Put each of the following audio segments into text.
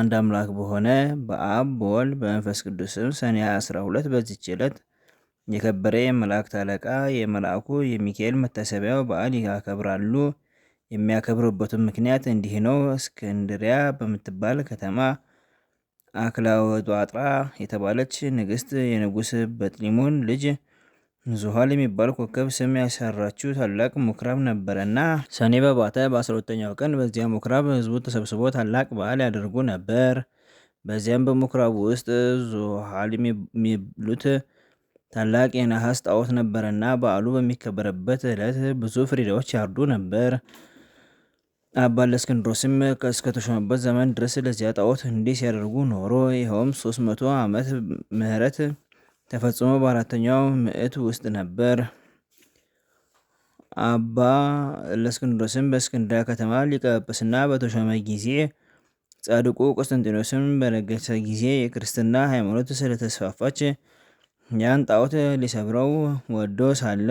አንድ አምላክ በሆነ በአብ በወልድ በመንፈስ ቅዱስም ሰኔ 12 በዚች ዕለት የከበረ የመላእክት አለቃ የመልአኩ የሚካኤል መታሰቢያው በዓል ያከብራሉ። የሚያከብሩበትም ምክንያት እንዲህ ነው። እስክንድሪያ በምትባል ከተማ አክላወጧጥራ የተባለች ንግስት የንጉስ በጥሊሞን ልጅ ዙሃል የሚባል ኮከብ ስም ያሰራችው ታላቅ ምኩራብ ነበረና ሰኔ በባተ በ12ኛው ቀን በዚያ ምኩራብ ህዝቡ ተሰብስቦ ታላቅ በዓል ያደርጉ ነበር። በዚያም በምኩራቡ ውስጥ ዙሃል የሚሉት ታላቅ የነሐስ ጣዖት ነበረና በዓሉ በሚከበረበት ዕለት ብዙ ፍሪዳዎች ያርዱ ነበር። አባ እለእስክንድሮስም እስከተሾመበት ዘመን ድረስ ለዚያ ጣዖት እንዲህ ሲያደርጉ ኖሮ ይኸውም 300 ዓመት ምህረት ተፈጽሞ በአራተኛው ምዕት ውስጥ ነበር። አባ እለእስክንድሮስም በእስክንድርያ ከተማ ሊቀ ጵጵስና በተሾመ ጊዜ፣ ጻድቁ ቆስጠንጢኖስም በነገሰ ጊዜ የክርስትና ሃይማኖት ስለተስፋፋች ያን ጣዖት ሊሰብረው ወዶ ሳለ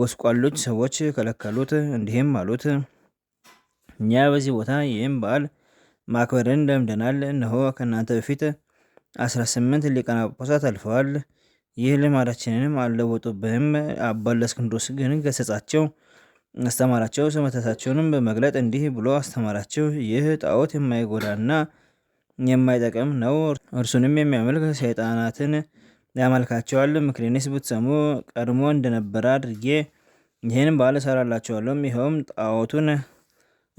ጎስቋሎች ሰዎች ከለከሉት። እንዲህም አሉት፣ እኛ በዚህ ቦታ ይህም በዓል ማክበርን ለምደናል። እነሆ ከእናንተ በፊት 18 ሊቃነ ጳጳሳት አልፈዋል። ይህ ልማዳችንንም አልለወጡብንም። አባ እለእስክንድሮስ ግን ገሰጻቸው፣ አስተማራቸው። ስመተታቸውንም በመግለጥ እንዲህ ብሎ አስተማራቸው። ይህ ጣዖት የማይጎዳና የማይጠቅም ነው። እርሱንም የሚያመልክ ሰይጣናትን ያመልካቸዋል። ምክሬንስ ብትሰሙ ቀድሞ እንደነበረ አድርጌ ይህን በዓል እሰራላቸዋለሁ። ይኸውም ጣዖቱን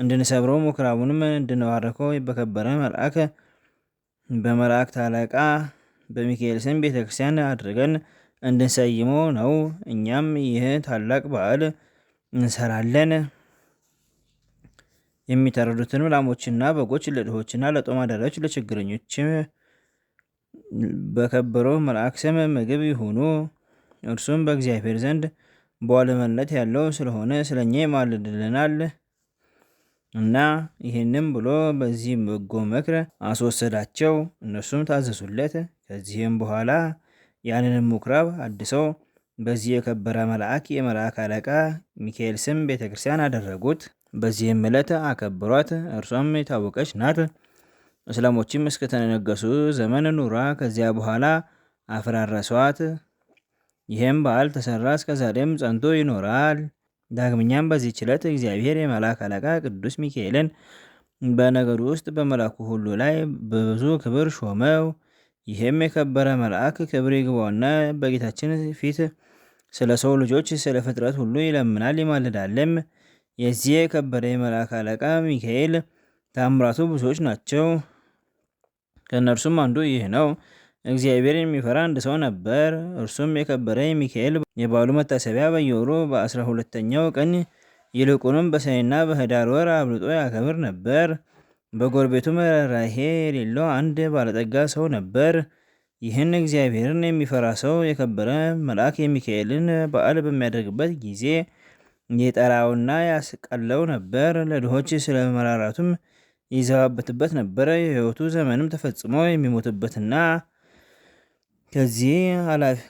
እንድንሰብረው ምኩራቡንም እንድንባርከው በከበረ መልአክ በመላእክት አለቃ በሚካኤል ስም ቤተ ክርስቲያን አድርገን እንድንሰይሞ ነው። እኛም ይህ ታላቅ በዓል እንሰራለን። የሚታረዱትንም ላሞችና በጎች ለድሆችና ለጦም አዳሪዎች ለችግረኞች በከበረው መልአክ ስም ምግብ ይሁኑ። እርሱም በእግዚአብሔር ዘንድ በዋለመለት ያለው ስለሆነ ስለኛ ይማልድልናል። እና ይህንም ብሎ በዚህ በጎ ምክር አስወሰዳቸው። እነሱም ታዘዙለት። ከዚህም በኋላ ያንንም ምኩራብ አድሰው በዚህ የከበረ መልአክ የመልአክ አለቃ ሚካኤል ስም ቤተ ክርስቲያን አደረጉት። በዚህም ዕለት አከብሯት። እርሷም የታወቀች ናት። እስላሞችም እስከተነገሱ ዘመን ኑራ። ከዚያ በኋላ አፈራረሷት። ይህም በዓል ተሰራ፣ እስከዛሬም ጸንቶ ይኖራል። ዳግመኛም በዚህ ችለት እግዚአብሔር የመልአክ አለቃ ቅዱስ ሚካኤልን በነገዱ ውስጥ በመልአኩ ሁሉ ላይ በብዙ ክብር ሾመው። ይህም የከበረ መልአክ ክብር ይግባውና በጌታችን ፊት ስለ ሰው ልጆች ስለ ፍጥረት ሁሉ ይለምናል ይማልዳልም። የዚህ የከበረ የመልአክ አለቃ ሚካኤል ታምራቱ ብዙዎች ናቸው። ከእነርሱም አንዱ ይህ ነው። እግዚአብሔር የሚፈራ አንድ ሰው ነበር። እርሱም የከበረ ሚካኤል የበዓሉ መታሰቢያ በየወሩ በአስራ ሁለተኛው ቀን ይልቁንም በሰኔና በህዳር ወር አብልጦ ያከብር ነበር። በጎረቤቱ መራሄ የሌለው አንድ ባለጠጋ ሰው ነበር። ይህን እግዚአብሔርን የሚፈራ ሰው የከበረ መልአክ የሚካኤልን በዓል በሚያደርግበት ጊዜ የጠራውና ያስቀለው ነበር። ለድሆች ስለ መራራቱም ይዘባበትበት ነበረ። የህይወቱ ዘመንም ተፈጽሞ የሚሞትበትና ከዚህ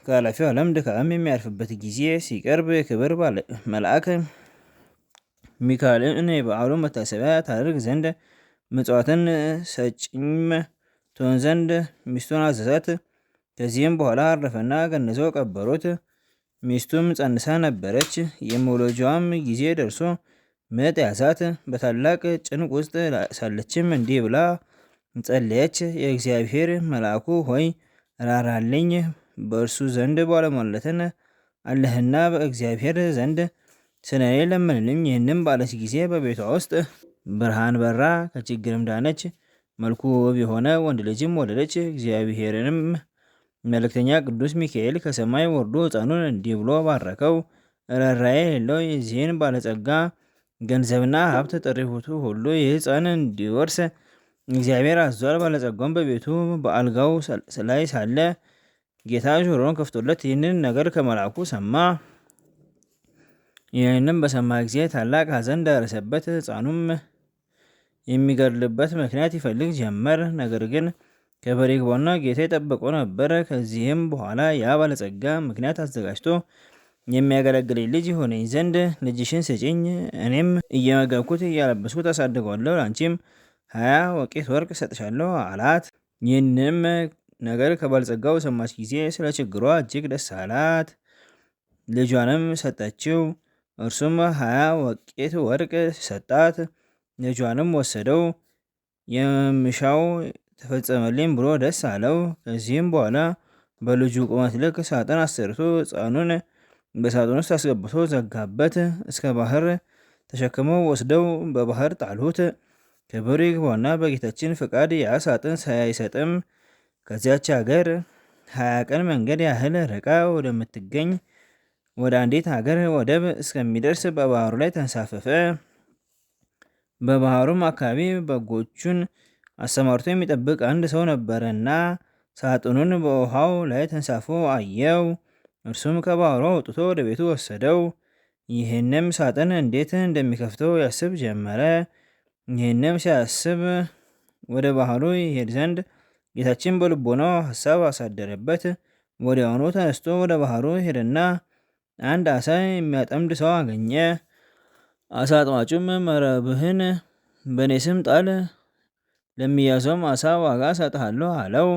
ከኃላፊው ዓለም ድካም የሚያርፍበት ጊዜ ሲቀርብ የክብር መልአክ ሚካኤልን የበዓሉን መታሰቢያ ታደርግ ዘንድ ምጽዋትን ሰጪም ትሆን ዘንድ ሚስቱን አዘዛት። ከዚህም በኋላ አረፈና ገንዘው ቀበሮት። ሚስቱም ጸንሳ ነበረች። የመውለጃዋም ጊዜ ደርሶ ምጥ ያዛት። በታላቅ ጭንቅ ውስጥ ሳለችም እንዲህ ብላ ጸለየች። የእግዚአብሔር መልአኩ ሆይ ራራልኝ፣ በእርሱ ዘንድ ባለሟልነትን አለህና በእግዚአብሔር ዘንድ ስለ ለምንልኝ። ይህንም ባለች ጊዜ በቤቷ ውስጥ ብርሃን በራ፣ ከችግርም ዳነች። መልኩ ውብ የሆነ ወንድ ልጅም ወለደች። እግዚአብሔርንም መልእክተኛ ቅዱስ ሚካኤል ከሰማይ ወርዶ ሕፃኑን እንዲህ ብሎ ባረከው። ርኅራኄ የሌለው የዚህን ባለጸጋ ገንዘብና ሀብት ጥሪቱ ሁሉ ይህ ሕፃን እንዲወርስ እግዚአብሔር አዟል። ባለጸጋውም በቤቱ በአልጋው ላይ ሳለ ጌታ ጆሮን ከፍቶለት ይህንን ነገር ከመልአኩ ሰማ። ይህንም በሰማ ጊዜ ታላቅ ሐዘን ደረሰበት። ሕፃኑም የሚገድልበት ምክንያት ይፈልግ ጀመር። ነገር ግን ከበሬ ግባውና ጌታ የጠበቀው ነበር። ከዚህም በኋላ ያ ባለጸጋ ምክንያት አዘጋጅቶ የሚያገለግለኝ ልጅ ይሆነኝ ዘንድ ልጅሽን ስጭኝ፣ እኔም እየመገብኩት እያለበስኩት አሳድገዋለሁ፣ አንቺም ሀያ ወቄት ወርቅ ሰጥሻለሁ አላት። ይህንም ነገር ከባለጸጋው ሰማች ጊዜ ስለ ችግሯ እጅግ ደስ አላት። ልጇንም ሰጠችው። እርሱም ሀያ ወቄት ወርቅ ሰጣት። ልጇንም ወሰደው። የምሻው ተፈጸመልኝ ብሎ ደስ አለው። ከዚህም በኋላ በልጁ ቁመት ልክ ሳጥን አሰርቶ ሕፃኑን በሳጥን ውስጥ አስገብቶ ዘጋበት። እስከ ባህር ተሸክመው ወስደው በባህር ጣሉት። ክብር ይግባውና በጌታችን ፈቃድ ያሳጥን ሳይሰጥም ከዚያች ሀገር ሀያ ቀን መንገድ ያህል ርቃ ወደምትገኝ ወደ አንዲት ሀገር ወደብ እስከሚደርስ በባህሩ ላይ ተንሳፈፈ። በባህሩም አካባቢ በጎቹን አሰማርቶ የሚጠብቅ አንድ ሰው ነበረና ሳጥኑን በውሃው ላይ ተንሳፎ አየው። እርሱም ከባህሩ አውጥቶ ወደ ቤቱ ወሰደው። ይህንም ሳጥን እንዴት እንደሚከፍተው ያስብ ጀመረ። ይህንም ሲያስብ ወደ ባህሩ ይሄድ ዘንድ ጌታችን በልቦናው ሀሳብ አሳደረበት። ወዲያውኑ ተነስቶ ወደ ባህሩ ሄደና አንድ አሳ የሚያጠምድ ሰው አገኘ። አሳ አጥማጩም መረብህን በእኔ ስም ጣል፣ ለሚያዘውም አሳ ዋጋ ሰጥሃለሁ አለው።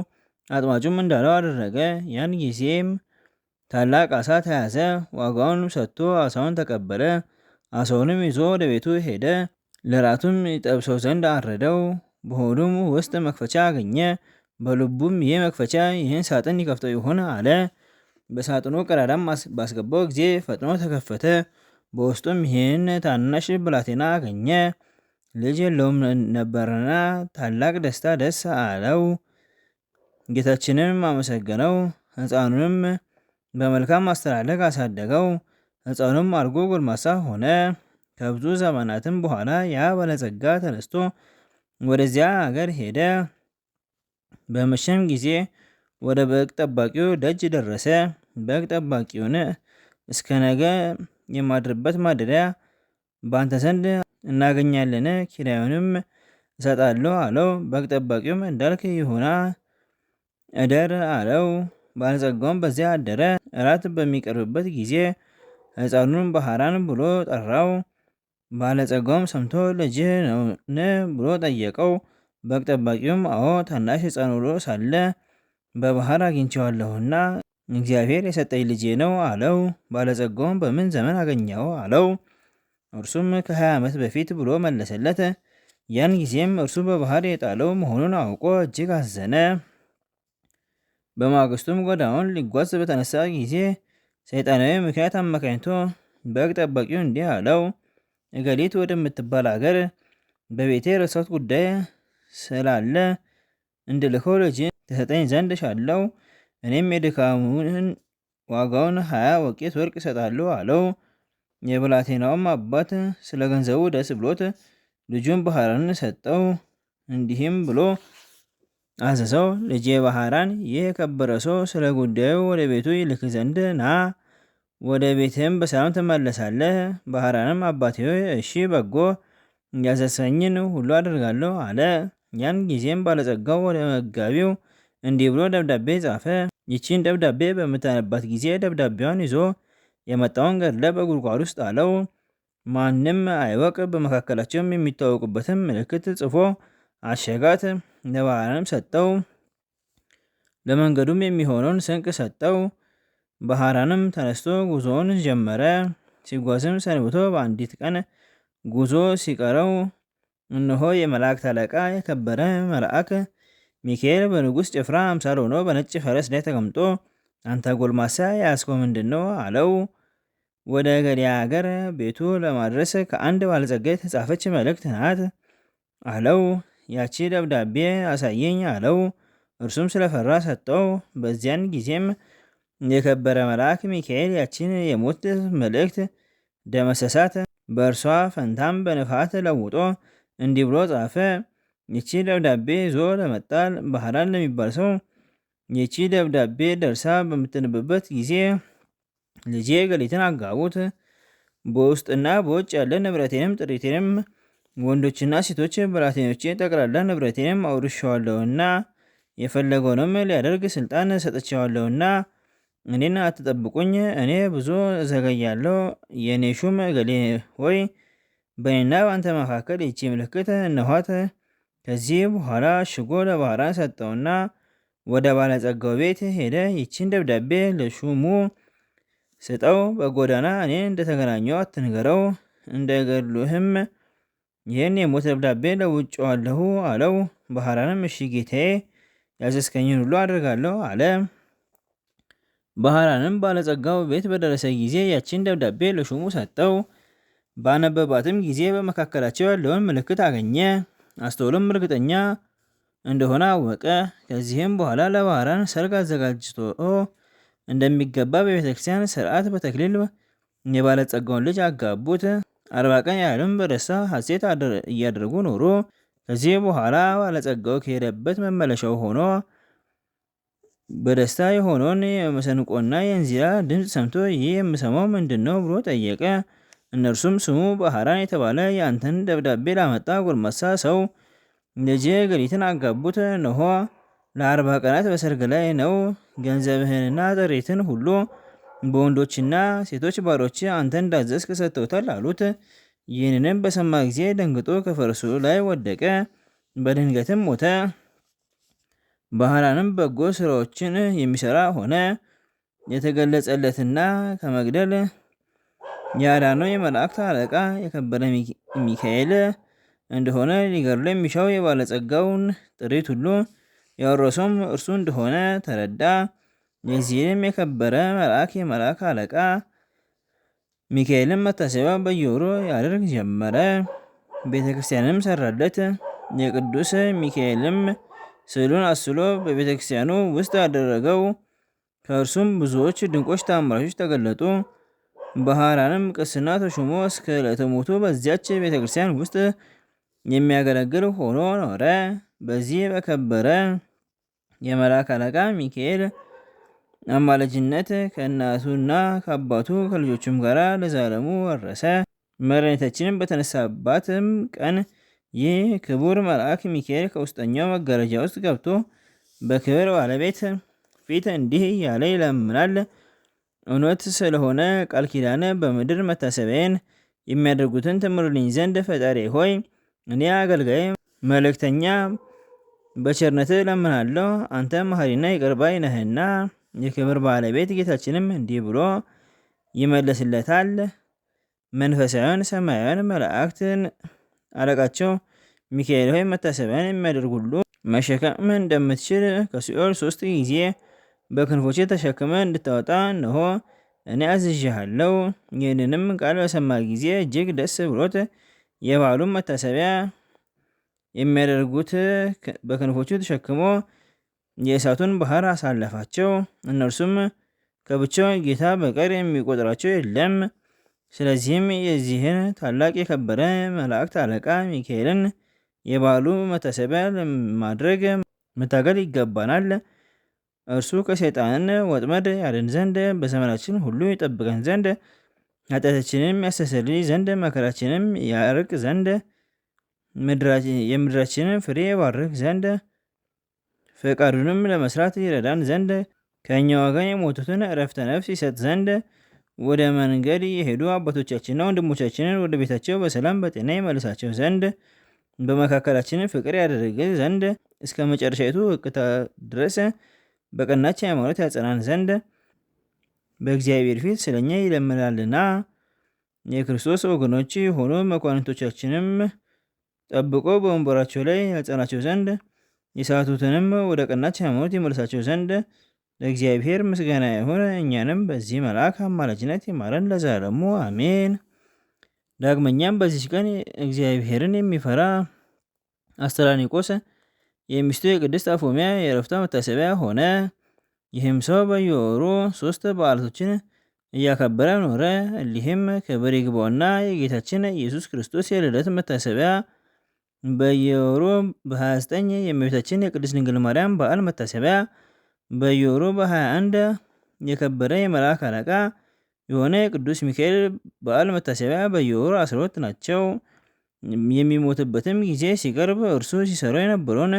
አጥማጩም እንዳለው አደረገ። ያን ጊዜም ታላቅ አሳ ተያዘ። ዋጋውን ሰጥቶ አሳውን ተቀበለ። አሳውንም ይዞ ወደ ቤቱ ሄደ። ለራቱም ይጠብሰው ዘንድ አረደው። በሆዱም ውስጥ መክፈቻ አገኘ። በልቡም ይህ መክፈቻ ይህን ሳጥን ይከፍተው ይሆን አለ። በሳጥኑ ቀዳዳም ባስገባው ጊዜ ፈጥኖ ተከፈተ። በውስጡም ይህን ታናሽ ብላቴና አገኘ። ልጅ የለውም ነበርና ታላቅ ደስታ ደስ አለው። ጌታችንም አመሰገነው። ሕፃኑንም በመልካም አስተዳደግ አሳደገው። ሕፃኑም አድጎ ጎልማሳ ሆነ። ከብዙ ዘመናትም በኋላ ያ ባለጸጋ ተነስቶ ወደዚያ አገር ሄደ። በመሸም ጊዜ ወደ በግ ጠባቂው ደጅ ደረሰ። በግ ጠባቂውን እስከ ነገ የማድርበት ማደሪያ በአንተ ዘንድ እናገኛለን፣ ኪራዩንም እሰጣለሁ አለው። በግ ጠባቂውም እንዳልክ ይሁና እደር አለው። ባለጸጋውም በዚያ አደረ። እራት በሚቀርብበት ጊዜ ሕፃኑን በሐራን ብሎ ጠራው። ባለጸጋውም ሰምቶ ልጅህ ነውን ብሎ ጠየቀው። በግ ጠባቂውም አዎ ታናሽ ሕፃን ሆኖ ሳለ በባህር አግኝቼዋለሁና እግዚአብሔር የሰጠኝ ልጄ ነው አለው። ባለጸጋውም በምን ዘመን አገኘው አለው። እርሱም ከ ከ20 ዓመት በፊት ብሎ መለሰለት። ያን ጊዜም እርሱ በባህር የጣለው መሆኑን አውቆ እጅግ አዘነ። በማግስቱም ጎዳውን ሊጓዝ በተነሳ ጊዜ ሰይጣናዊ ምክንያት አመካኝቶ በግ ጠባቂው እንዲህ አለው እገሊት ወደምትባል አገር በቤቴ ረሳሁት ጉዳይ ስላለ እንድልከው ልጅ ትሰጠኝ ዘንድ ሻለው። እኔም የድካሙን ዋጋውን ሀያ ወቄት ወርቅ ይሰጣሉ አለው። የብላቴናውም አባት ስለ ገንዘቡ ደስ ብሎት ልጁን ባህራን ሰጠው። እንዲህም ብሎ አዘዘው፣ ልጄ ባህራን ይህ የከበረ ሰው ስለ ጉዳዩ ወደ ቤቱ ይልክ ዘንድ ና። ወደ ቤትም በሰላም ትመለሳለህ። ባህራንም አባቴ ሆይ እሺ በጎ ያዘሰኝን ሁሉ አደርጋለሁ አለ። ያን ጊዜም ባለጸጋው ወደ መጋቢው እንዲህ ብሎ ደብዳቤ ጻፈ። ይቺን ደብዳቤ በምታነባት ጊዜ ደብዳቤዋን ይዞ የመጣውን ገድለ በጉድጓድ ውስጥ አለው። ማንም አይወቅ። በመካከላቸውም የሚታወቁበትን ምልክት ጽፎ አሸጋት። ለባህራንም ሰጠው። ለመንገዱም የሚሆነውን ስንቅ ሰጠው። ባህራንም ተነስቶ ጉዞውን ጀመረ። ሲጓዝም ሰንብቶ በአንዲት ቀን ጉዞ ሲቀረው እነሆ የመላእክት አለቃ የከበረ መልአክ ሚካኤል በንጉሥ ጭፍራ አምሳል ሆኖ በነጭ ፈረስ ላይ ተቀምጦ አንተ ጎልማሳ የያዝከው ምንድን ነው? አለው። ወደ ገሊያ ሀገር ቤቱ ለማድረስ ከአንድ ባለጸጋ የተጻፈች መልእክት ናት አለው። ያቺ ደብዳቤ አሳየኝ አለው። እርሱም ስለፈራ ሰጠው። በዚያን ጊዜም የከበረ መልአክ ሚካኤል ያችን የሞት መልእክት ደመሰሳት። በእርሷ ፈንታም በንፋት ለውጦ እንዲህ ብሎ ጻፈ። ይቺ ደብዳቤ ይዞ ለመጣል ባህራን ለሚባል ሰው ይቺ ደብዳቤ ደርሳ በምትንብበት ጊዜ ልጄ ገሊትን አጋቡት። በውስጥና በውጭ ያለ ንብረቴንም ጥሪቴንም ወንዶችና ሴቶች ብላቴኖቼ ጠቅላላ ንብረቴንም አውርሻዋለሁና የፈለገውንም ሊያደርግ ስልጣን ሰጥቼዋለሁና እኔን አትጠብቁኝ፣ እኔ ብዙ እዘገያለሁ። የእኔ ሹም እገሌ ሆይ በእኔና በአንተ መካከል ይቺ ምልክት እነኋት። ከዚህ በኋላ ሽጎ ለባህራን ሰጠውና ወደ ባለጸጋው ቤት ሄደ። ይቺን ደብዳቤ ለሹሙ ስጠው፣ በጎዳና እኔ እንደተገናኘው አትንገረው፣ እንደገሉህም ይህን የሞት ደብዳቤ ለውጭዋለሁ አለው። ባህራንም እሺ ጌታዬ፣ ያዘዝከኝን ሁሉ አድርጋለሁ አለ። ባህራንም ባለጸጋው ቤት በደረሰ ጊዜ ያችን ደብዳቤ ለሹሙ ሰጠው። ባነበባትም ጊዜ በመካከላቸው ያለውን ምልክት አገኘ። አስተውሎም እርግጠኛ እንደሆነ አወቀ። ከዚህም በኋላ ለባህራን ሰርግ አዘጋጅቶ እንደሚገባ በቤተክርስቲያን ስርዓት በተክሊል የባለጸጋውን ልጅ አጋቡት። አርባ ቀን ያህልም በደስታ ሐሴት እያደረጉ ኖሩ። ከዚህ በኋላ ባለጸጋው ከሄደበት መመለሻው ሆኖ በደስታ የሆነውን የመሰንቆና የእንዚራ ድምፅ ሰምቶ ይህ የምሰማው ምንድን ነው ብሎ ጠየቀ። እነርሱም ስሙ ባህራን የተባለ የአንተን ደብዳቤ ላመጣ ጎልማሳ ሰው ልጄ ገሊትን አጋቡት፣ እነሆ ለአርባ ቀናት በሰርግ ላይ ነው። ገንዘብህንና ጥሪትን ሁሉ በወንዶችና ሴቶች ባሮች አንተ እንዳዘዝክ ሰጥተውታል አሉት። ይህንንም በሰማ ጊዜ ደንግጦ ከፈረሱ ላይ ወደቀ፣ በድንገትም ሞተ። ባህራንም በጎ ስራዎችን የሚሰራ ሆነ። የተገለጸለትና ከመግደል ያዳነው የመላእክት አለቃ የከበረ ሚካኤል እንደሆነ ሊገድሉ የሚሻው የባለጸጋውን ጥሪት ሁሉ ያወረሰውም እርሱ እንደሆነ ተረዳ። የዚህም የከበረ መልአክ የመልአክ አለቃ ሚካኤልን መታሰቢያ በየወሩ ያደርግ ጀመረ። ቤተ ክርስቲያንም ሰራለት። የቅዱስ ሚካኤልም ስዕሉን አስሎ በቤተ ክርስቲያኑ ውስጥ አደረገው። ከእርሱም ብዙዎች ድንቆች ተአምራቶች ተገለጡ። በሐራንም ቅስና ተሾሞ እስከ ዕለተ ሞቱ በዚያች ቤተ ክርስቲያን ውስጥ የሚያገለግል ሆኖ ኖረ። በዚህ በከበረ የመልአክ አለቃ ሚካኤል አማላጅነት ከእናቱና ከአባቱ ከልጆቹም ጋር ለዛለሙ ወረሰ። መድኃኒታችንም በተነሳባትም ቀን ይህ ክቡር መልአክ ሚካኤል ከውስጠኛው መጋረጃ ውስጥ ገብቶ በክብር ባለቤት ፊት እንዲህ እያለ ይለምናል። እውነት ስለሆነ ቃል ኪዳን በምድር መታሰቢያን የሚያደርጉትን ትምህርልኝ ዘንድ ፈጣሪ ሆይ እኔ አገልጋይ መልእክተኛ በቸርነት ለምናለሁ። አንተ መሐሪና ይቅርባይ ነህና። የክብር ባለቤት ጌታችንም እንዲህ ብሎ ይመለስለታል። መንፈሳዊን ሰማያዊን መላእክትን አለቃቸው ሚካኤል ሆይ መታሰቢያን የሚያደርግ ሁሉ መሸከም እንደምትችል ከሲኦል ሶስት ጊዜ በክንፎች ተሸክመ እንድታወጣ እነሆ እኔ አዝዣሃለው። ይህንንም ቃል በሰማ ጊዜ እጅግ ደስ ብሎት የበዓሉን መታሰቢያ የሚያደርጉት በክንፎቹ ተሸክሞ የእሳቱን ባህር አሳለፋቸው። እነርሱም ከብቻው ጌታ በቀር የሚቆጥራቸው የለም። ስለዚህም የዚህን ታላቅ የከበረ መላእክት አለቃ ሚካኤልን የበዓሉ መታሰቢያ ለማድረግ መታገል ይገባናል። እርሱ ከሰይጣን ወጥመድ ያድን ዘንድ በዘመናችን ሁሉ ይጠብቀን ዘንድ ኃጢአታችንም ያስተሰርይ ዘንድ መከራችንም ያርቅ ዘንድ የምድራችንን ፍሬ ባርክ ዘንድ ፈቃዱንም ለመስራት ይረዳን ዘንድ ከእኛ ወገን የሞቱትን እረፍተ ነፍስ ይሰጥ ዘንድ ወደ መንገድ የሄዱ አባቶቻችንና ወንድሞቻችንን ወደ ቤታቸው በሰላም በጤና ይመልሳቸው ዘንድ በመካከላችን ፍቅር ያደረገ ዘንድ እስከ መጨረሻይቱ እቅታ ድረስ በቀናች ሃይማኖት ያጸናን ዘንድ በእግዚአብሔር ፊት ስለኛ ይለምናልና። የክርስቶስ ወገኖች የሆኑ መኳንንቶቻችንም ጠብቆ በወንበራቸው ላይ ያጸናቸው ዘንድ የሳቱትንም ወደ ቀናች ሃይማኖት ይመልሳቸው ዘንድ ለእግዚአብሔር ምስጋና ይሁን፣ እኛንም በዚህ መልአክ አማላጅነት ይማረን ለዘላለሙ አሜን። ዳግመኛም በዚች ቀን እግዚአብሔርን የሚፈራ አስተራኒቆስ የሚስቱ የቅድስት አፎሚያ የእረፍቷ መታሰቢያ ሆነ። ይህም ሰው በየወሩ ሶስት በዓላቶችን እያከበረ ኖረ። እሊህም ክብር ይግባውና የጌታችን ኢየሱስ ክርስቶስ የልደት መታሰቢያ በየወሩ በ29 የእመቤታችን የቅድስት ድንግል ማርያም በዓል መታሰቢያ በየወሩ በ21 የከበረ የመልአክ አለቃ የሆነ የቅዱስ ሚካኤል በዓል መታሰቢያ በየወሩ 12 ናቸው። የሚሞትበትም ጊዜ ሲቀርብ እርሱ ሲሰራው የነበረውን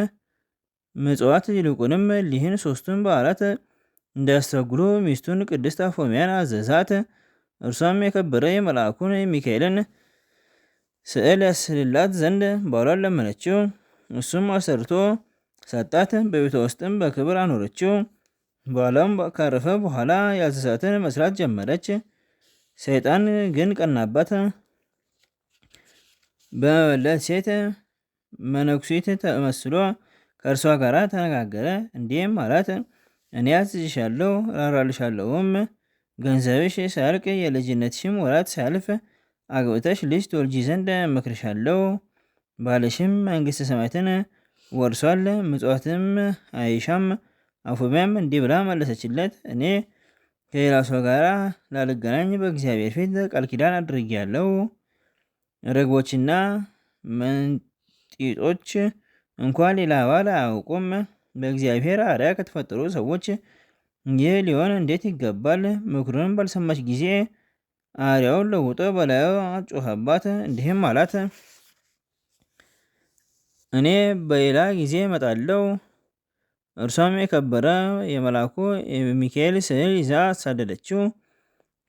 ምጽዋት ይልቁንም ሊህን ሶስቱን በዓላት እንዲያስተጉሉ ሚስቱን ቅድስት አፎሚያን አዘዛት። እርሷም የከበረ የመልአኩን ሚካኤልን ስዕል ያስልላት ዘንድ ባሏን ለመነችው። እሱም አሰርቶ ሰጣትን፣ በቤቷ ውስጥም በክብር አኖረችው። በኋላም ካረፈ በኋላ ያልተሳትን መስራት ጀመረች። ሰይጣን ግን ቀናባት። በመበለት ሴት መነኩሴት ተመስሎ ከእርሷ ጋር ተነጋገረ። እንዲህም አላት፣ እኔ አዝዝሻለሁ፣ ራራልሻለሁም ገንዘብሽ ሳያልቅ የልጅነትሽም ወራት ሳያልፍ አግብተሽ ልጅ ትወልጂ ዘንድ መክርሻለሁ። ባልሽም መንግሥተ ሰማያትን ወርሷል፣ ምጽዋትም አይሻም። አፉሚያም እንዲህ ብላ መለሰችለት፣ እኔ ከሌላ ሰው ጋር ላልገናኝ በእግዚአብሔር ፊት ቃል ኪዳን አድርጌያለሁ። ርግቦችና መንጢጦች እንኳ ሌላ ባል አያውቁም። በእግዚአብሔር አርያ ከተፈጠሩ ሰዎች ይህ ሊሆን እንዴት ይገባል? ምክሩን ባልሰማች ጊዜ አርያውን ለውጦ በላዩ አጮኸባት፣ እንዲህም አላት እኔ በሌላ ጊዜ እመጣለሁ። እርሷም የከበረ የመልአኩ የሚካኤል ስዕል ይዛ አሳደደችው።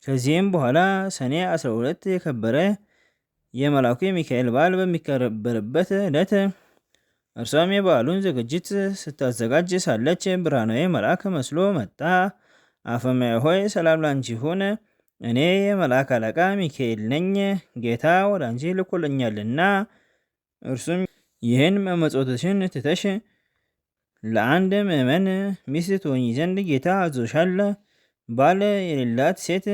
ከዚህም በኋላ ሰኔ 12 የከበረ የመልአኩ የሚካኤል በዓል በሚከበርበት ዕለት እርሷም የበዓሉን ዝግጅት ስታዘጋጅ ሳለች ብርሃናዊ መልአክ መስሎ መጣ። አፈማ ሆይ ሰላም ላንቺ ይሁን፣ እኔ የመልአክ አለቃ ሚካኤል ነኝ፣ ጌታ ወደ አንቺ እርሱም ይህን መመጾትሽን ትተሽ ለአንድ ምእመን ሚስት ትሆኚ ዘንድ ጌታ አዞሻል። ባል የሌላት ሴት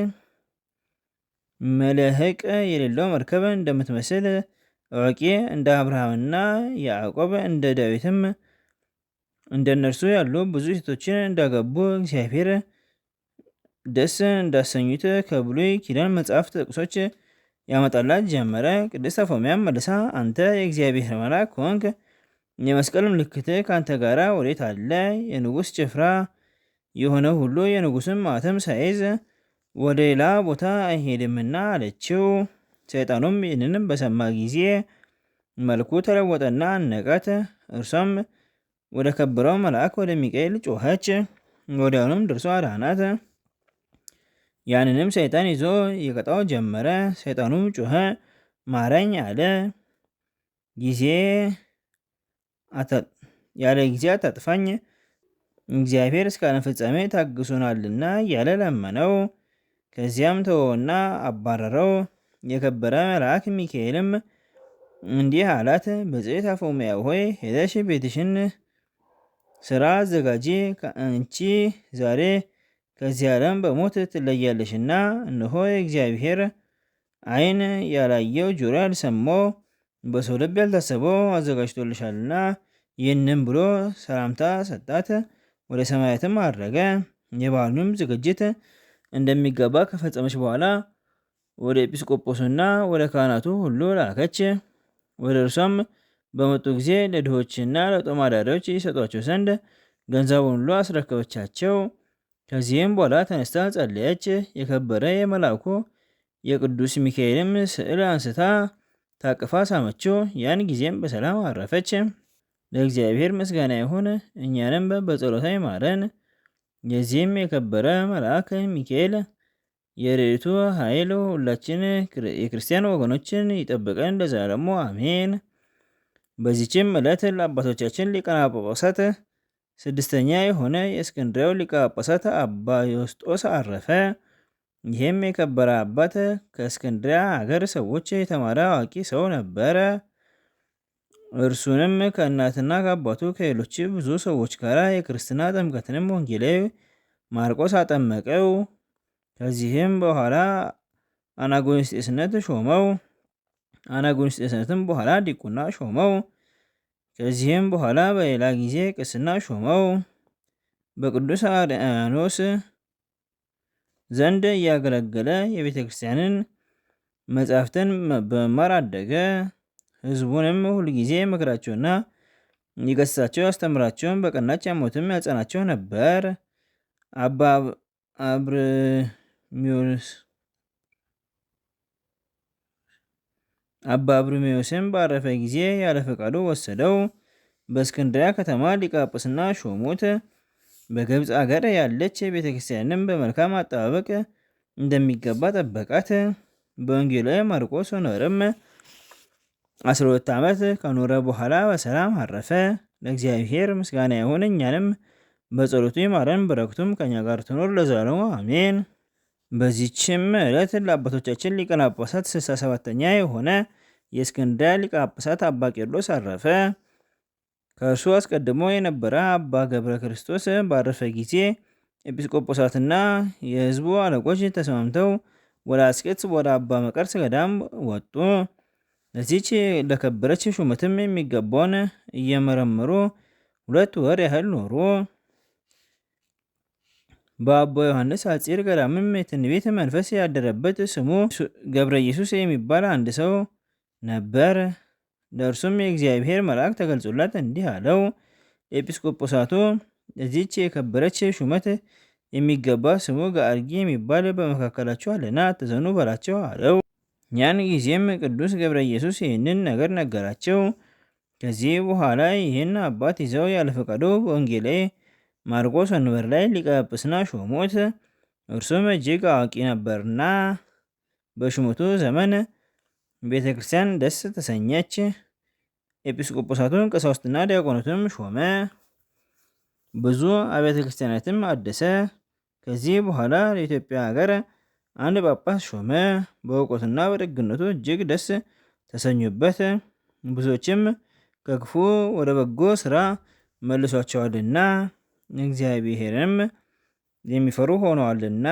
መለህቅ የሌለው መርከብ እንደምትመስል እወቂ። እንደ አብርሃምና ያዕቆብ እንደ ዳዊትም እንደ ያሉ ብዙ ሴቶችን እንዳገቡ እግዚአብሔር ደስ እንዳሰኙት ከብሉይ ኪዳን መጽሐፍ ጥቅሶች ያመጣላት ጀመረ። ቅድስት ፎሚያም መልሳ አንተ የእግዚአብሔር መልአክ ሆንክ፣ የመስቀል ምልክት ከአንተ ጋር ወዴት አለ? የንጉስ ጭፍራ የሆነ ሁሉ የንጉስም ማተም ሳይዝ ወደ ሌላ ቦታ አይሄድምና አለችው። ሰይጣኑም ይህንንም በሰማ ጊዜ መልኩ ተለወጠና አነቀት እርሷም ወደ ከበረው መልአክ ወደ ሚካኤል ጮኸች። ወዲያውንም ደርሶ አዳናት። ያንንም ሰይጣን ይዞ ይቀጣው ጀመረ። ሰይጣኑም ጮኸ፣ ማረኝ አለ። ጊዜ ያለ ጊዜ አታጥፋኝ፣ እግዚአብሔር እስከ ዓለም ፍጻሜ ታግሶናልና እያለ ለመነው። ከዚያም ተወና አባረረው። የከበረ መልአክ ሚካኤልም እንዲህ አላት፣ ብጽዕት አፎሚያ ሆይ ሄደሽ ቤትሽን ስራ አዘጋጂ፣ ከአንቺ ዛሬ ከዚህ ዓለም በሞት ትለያለሽና። እነሆ የእግዚአብሔር ዓይን ያላየው ጆሮ ያልሰማው በሰው ልብ ያልታሰበው አዘጋጅቶልሻልና ይህንም ብሎ ሰላምታ ሰጣት። ወደ ሰማያትም አረገ። የበዓሉንም ዝግጅት እንደሚገባ ከፈጸመች በኋላ ወደ ኤጲስቆጶስና ወደ ካህናቱ ሁሉ ላከች። ወደ እርሷም በመጡ ጊዜ ለድሆችና ለጦም አዳሪዎች ይሰጧቸው ዘንድ ገንዘቡን ሁሉ አስረከበቻቸው። ከዚህም በኋላ ተነስታ ጸለየች። የከበረ የመልአኩ የቅዱስ ሚካኤልም ስዕል አንስታ ታቅፋ ሳመችው። ያን ጊዜም በሰላም አረፈች። ለእግዚአብሔር ምስጋና ይሁን፣ እኛንም በጸሎታ ይማረን። የዚህም የከበረ መልአክ ሚካኤል የርቱ ኃይል ሁላችን የክርስቲያን ወገኖችን ይጠብቀን ለዘላለሙ አሜን። በዚችም ዕለት ለአባቶቻችን ሊቃነ ጳጳሳት ስድስተኛ የሆነ የእስክንድርያው ሊቀ ጳጳሳት አባ ዮስጦስ አረፈ። ይህም የከበረ አባት ከእስክንድሪያ አገር ሰዎች የተማረ አዋቂ ሰው ነበረ። እርሱንም ከእናትና ከአባቱ ከሌሎች ብዙ ሰዎች ጋር የክርስትና ጥምቀትንም ወንጌላዊ ማርቆስ አጠመቀው። ከዚህም በኋላ አናጎኒስጤስነት ሾመው። አናጎኒስጤስነትም በኋላ ዲቁና ሾመው። ከዚህም በኋላ በሌላ ጊዜ ቅስና ሾመው በቅዱስ አርያኖስ ዘንድ እያገለገለ የቤተ ክርስቲያንን መጻሕፍትን በመማር አደገ። ሕዝቡንም ሁልጊዜ ምክራቸውና ይገሥጻቸው፣ ያስተምራቸውን በቀናች ሃይማኖትም ያጸናቸው ነበር። አባ አብርሚውስ አባ ብርሜዎስም ባረፈ ጊዜ ያለ ፈቃዱ ወሰደው፣ በእስክንድሪያ ከተማ ሊቀ ጳጳስና ሾሙት። በግብፅ አገር ያለች ቤተ ክርስቲያንም በመልካም አጠባበቅ እንደሚገባ ጠበቃት። በወንጌላዊ ማርቆስ ሆኖርም 12 ዓመት ከኖረ በኋላ በሰላም አረፈ። ለእግዚአብሔር ምስጋና ይሁን፣ እኛንም በጸሎቱ ይማረን፣ በረከቱም ከኛ ጋር ትኖር ለዘላለሙ አሜን። በዚችም ዕለት ለአባቶቻችን ሊቃነ ጳጳሳት 67ኛ የሆነ የእስክንድርያ ሊቀ ጳጳሳት አባ ቄርሎስ አረፈ። ከእርሱ አስቀድሞ የነበረ አባ ገብረ ክርስቶስ ባረፈ ጊዜ ኤጲስቆጶሳትና የሕዝቡ አለቆች ተስማምተው ወደ አስቄጥስ ወደ አባ መቀርስ ገዳም ወጡ። ለዚች ለከበረች ሹመትም የሚገባውን እየመረመሩ ሁለት ወር ያህል ኖሩ። በአባ ዮሐንስ አጼር ገዳምም የትንቢት መንፈስ ያደረበት ስሙ ገብረ ኢየሱስ የሚባል አንድ ሰው ነበር። ለእርሱም የእግዚአብሔር መልአክ ተገልጾላት እንዲህ አለው፣ ኤጲስቆጶሳቱ እዚች የከበረች ሹመት የሚገባ ስሙ ጋአርጊ የሚባል በመካከላችሁ አለና አትዘኑ በላቸው አለው። ያን ጊዜም ቅዱስ ገብረ ኢየሱስ ይህንን ነገር ነገራቸው። ከዚህ በኋላ ይህን አባት ይዘው ያለፈቃዱ ወንጌላዊ ማርቆስ ወንበር ላይ ሊቀ ጵጵስና ሾሙት። እርሱም እጅግ አዋቂ ነበርና በሹመቱ ዘመን ቤተ ክርስቲያን ደስ ተሰኘች። ኤጲስቆጶሳቱን ቀሳውስትና ዲያቆኖትም ሾመ። ብዙ አብያተ ክርስቲያናትም አደሰ። ከዚህ በኋላ ለኢትዮጵያ ሀገር አንድ ጳጳስ ሾመ። በእውቀቱና በደግነቱ እጅግ ደስ ተሰኙበት። ብዙዎችም ከክፉ ወደ በጎ ስራ መልሷቸዋልና እግዚአብሔርም የሚፈሩ ሆነዋልና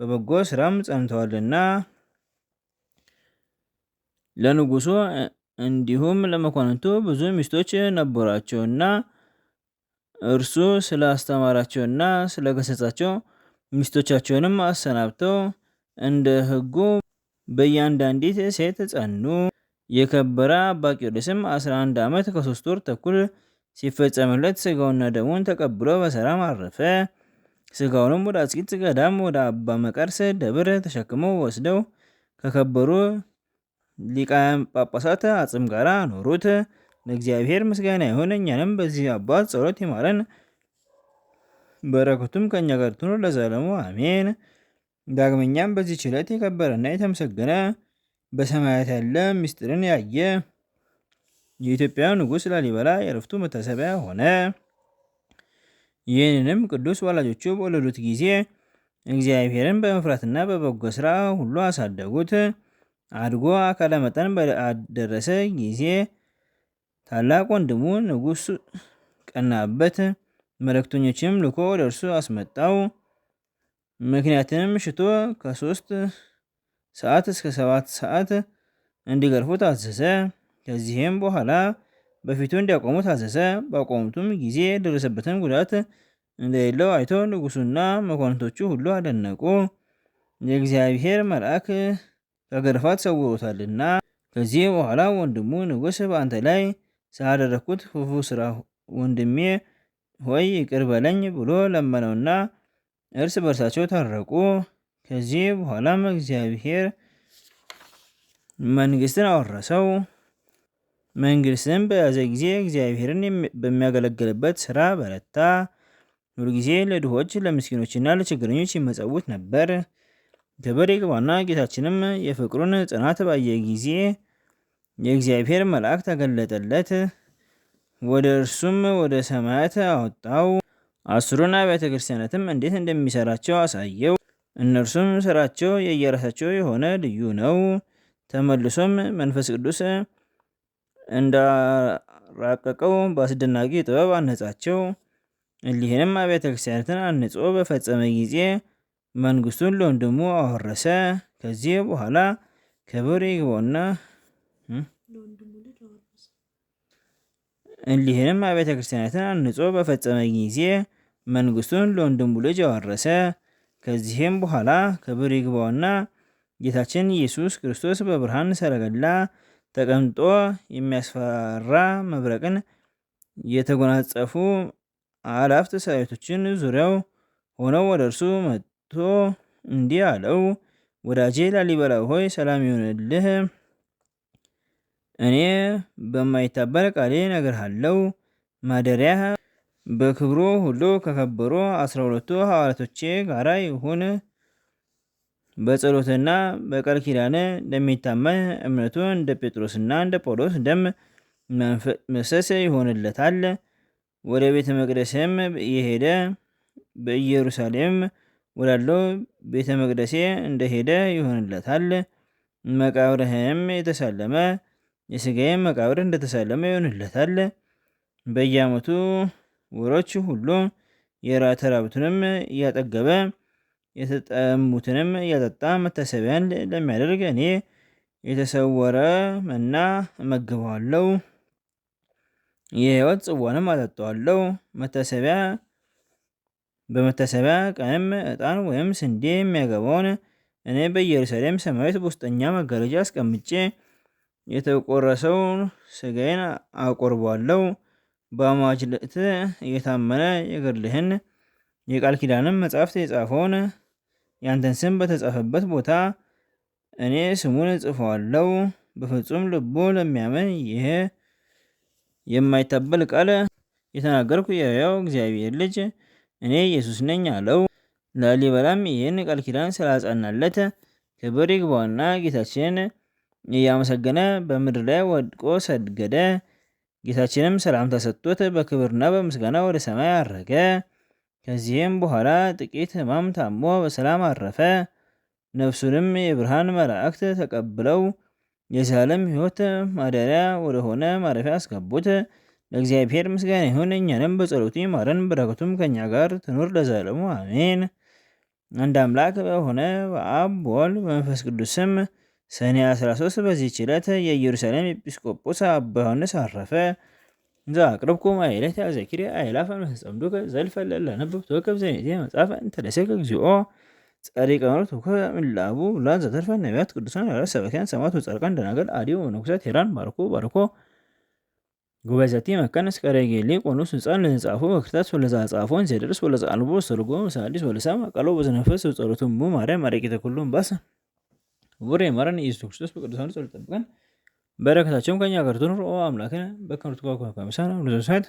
በበጎ ስራም ጸንተዋልና ለንጉሱ እንዲሁም ለመኳንንቱ ብዙ ሚስቶች ነበሯቸውና እርሱ ስላስተማራቸውና ስለገሰጻቸው ሚስቶቻቸውንም አሰናብተው እንደ ሕጉ በእያንዳንዲት ሴት ጸኑ። የከበረ አባ ቄርሎስም 11 ዓመት ከሶስት ወር ተኩል ሲፈጸምለት ስጋውና ደሙን ተቀብሎ በሰላም አረፈ። ስጋውንም ወደ አስቂት ገዳም ወደ አባ መቃርስ ደብር ተሸክመው ወስደው ከከበሩ ሊቃነ ጳጳሳት አጽም ጋር ኖሩት። ለእግዚአብሔር ምስጋና ይሁን፣ እኛንም በዚህ አባት ጸሎት ይማረን፣ በረከቱም ከእኛ ጋር ትኑር ለዘለሙ አሜን። ዳግመኛም በዚህ ችለት የከበረና የተመሰገነ በሰማያት ያለ ምስጢርን ያየ የኢትዮጵያ ንጉሥ ላሊበላ የረፍቱ መታሰቢያ ሆነ። ይህንንም ቅዱስ ወላጆቹ በወለዱት ጊዜ እግዚአብሔርን በመፍራትና በበጎ ስራ ሁሉ አሳደጉት። አድጎ አካለ መጠን በደረሰ ጊዜ ታላቅ ወንድሙ ንጉሱ ቀናበት። መልእክተኞችም ልኮ ወደ እርሱ አስመጣው። ምክንያትንም ሽቶ ከሶስት ሰዓት እስከ ሰባት ሰዓት እንዲገርፉ ታዘዘ። ከዚህም በኋላ በፊቱ እንዲያቆሙ ታዘዘ። ባቆሙትም ጊዜ የደረሰበትን ጉዳት እንደሌለው አይቶ ንጉሱና መኮንቶቹ ሁሉ አደነቁ። የእግዚአብሔር መልአክ ከገረፋት ሰውሮታልና ከዚህ በኋላ ወንድሙ ንጉሥ በአንተ ላይ ስላደረግኩት ክፉ ስራ ወንድሜ ሆይ ይቅር በለኝ ብሎ ለመነውና እርስ በርሳቸው ታረቁ። ከዚህ በኋላም እግዚአብሔር መንግስትን አወረሰው። መንግስትን በያዘ ጊዜ እግዚአብሔርን በሚያገለግልበት ስራ በረታ። ሁልጊዜ ለድሆች ለምስኪኖችና ለችግረኞች ይመጸውት ነበር። ክብር ይግባውና ጌታችንም የፍቅሩን ጽናት ባየ ጊዜ የእግዚአብሔር መልአክ ተገለጠለት፣ ወደ እርሱም ወደ ሰማያት አወጣው። አስሩን አብያተ ክርስቲያናትም እንዴት እንደሚሰራቸው አሳየው። እነርሱም ስራቸው የየራሳቸው የሆነ ልዩ ነው። ተመልሶም መንፈስ ቅዱስ እንዳራቀቀው በአስደናቂ ጥበብ አነጻቸው። እሊህንም አብያተ ክርስቲያናትን አንጾ በፈጸመ ጊዜ መንግስቱን ለወንድሙ አወረሰ። ከዚህ በኋላ ክብር ይግባውና እንዲህንም አብያተ ክርስቲያናትን አንጾ በፈጸመ ጊዜ መንግስቱን ለወንድሙ ልጅ አወረሰ። ከዚህም በኋላ ክብር ይግባውና ጌታችን ኢየሱስ ክርስቶስ በብርሃን ሰረገላ ተቀምጦ የሚያስፈራ መብረቅን የተጎናጸፉ አላፍት ሰራዊቶችን ዙሪያው ሆነው ወደ እርሱ መጡ። መጥቶ እንዲህ አለው፣ ወዳጄ ላሊበላ ሆይ ሰላም ይሆንልህ። እኔ በማይታበል ቃሌ ነግርሃለው ማደሪያ በክብሩ ሁሉ ከከበሩ አስራ ሁለቱ ሐዋርያቶቼ ጋራ ይሁን። በጸሎትና በቃል ኪዳን እንደሚታመን እምነቱ እንደ ጴጥሮስና እንደ ጳውሎስ ደም መፍሰስ ይሆንለታል። ወደ ቤተ መቅደስም እየሄደ በኢየሩሳሌም ወዳለው ቤተ መቅደሴ እንደሄደ ይሆንለታል። መቃብርህም የተሳለመ የስጋዬ መቃብር እንደተሳለመ ይሆንለታል። በየዓመቱ ወሮች ሁሉ የተራቡትንም እያጠገበ የተጠሙትንም እያጠጣ መታሰቢያን ለሚያደርግ እኔ የተሰወረ መና እመግበዋለሁ፣ የሕይወት ጽዋንም አጠጣዋለሁ። መታሰቢያ በመታሰቢያ ቀንም ዕጣን ወይም ስንዴ የሚያገባውን እኔ በኢየሩሳሌም ሰማያዊት በውስጠኛ መጋረጃ አስቀምጬ የተቆረሰው ስጋይን አቆርቧለሁ። በአማች እየታመነ የገድልህን የቃል ኪዳንም መጽሐፍት የጻፈውን ያንተን ስም በተጻፈበት ቦታ እኔ ስሙን እጽፈዋለሁ። በፍጹም ልቡ ለሚያምን ይህ የማይታበል ቃል የተናገርኩ የሕያው እግዚአብሔር ልጅ እኔ ኢየሱስ ነኝ አለው። ላሊበላም ይህን ቃል ኪዳን ስላጸናለት ክብር ይግባውና ጌታችንን እያመሰገነ በምድር ላይ ወድቆ ሰገደ። ጌታችንም ሰላም ተሰጥቶት በክብርና በምስጋና ወደ ሰማይ አረገ። ከዚህም በኋላ ጥቂት ሕማም ታሞ በሰላም አረፈ። ነፍሱንም የብርሃን መላእክት ተቀብለው የዘላለም ሕይወት ማደሪያ ወደሆነ ማረፊያ አስገቡት። ለእግዚአብሔር ምስጋና ይሁን፣ እኛንም በጸሎቱ ይማረን፣ በረከቱም ከኛ ጋር ትኑር ለዘለሙ አሜን። አንድ አምላክ በሆነ በአብ በወልድ በመንፈስ ቅዱስም ሰኔ 13 በዚህች ዕለት የኢየሩሳሌም ኤጲስቆጶስ አባ ዮሐንስ አረፈ። እንዘ አቅርብኩማ ኢለይከ ዘኪርየ አእላፈ እምተጸምዱከ ዘልፈ ለእለ አነብብቶ በዘኔቴ መጽሐፈ እንተ እግዚኦ ጻድቀ መኖት ወከ እምለአቡ ላን ዘተርፈ ነቢያት ቅዱሳን ሰበኪያን ሰማዕት ወጻድቃን ደናግል አዲው መነኮሳት ሄራን ባርኮ ባርኮ ጉበዘቲ መከነ እስከ ሬጌሌ ቆኑስ ህፃን ለህፃፎ በክርታት ወለዛ ህፃፎን ሲደርስ ወለዛ አንቦ ሰርጎ ሳዲስ ወለሳም አቀሎ በዘነፈስ ጸሎቱም ሙ ማርያም አረቂተ ኩሉም ባሰ ቡሬ መረን ኢየሱስ ክርስቶስ በቅዱሳኑ ጸሎት ጠብቀን በረከታቸውም ከኛ ጋር ትኑር። ኦ አምላክነ በከንቱ ኳኳ ምሳና ሁሉ ዘሳት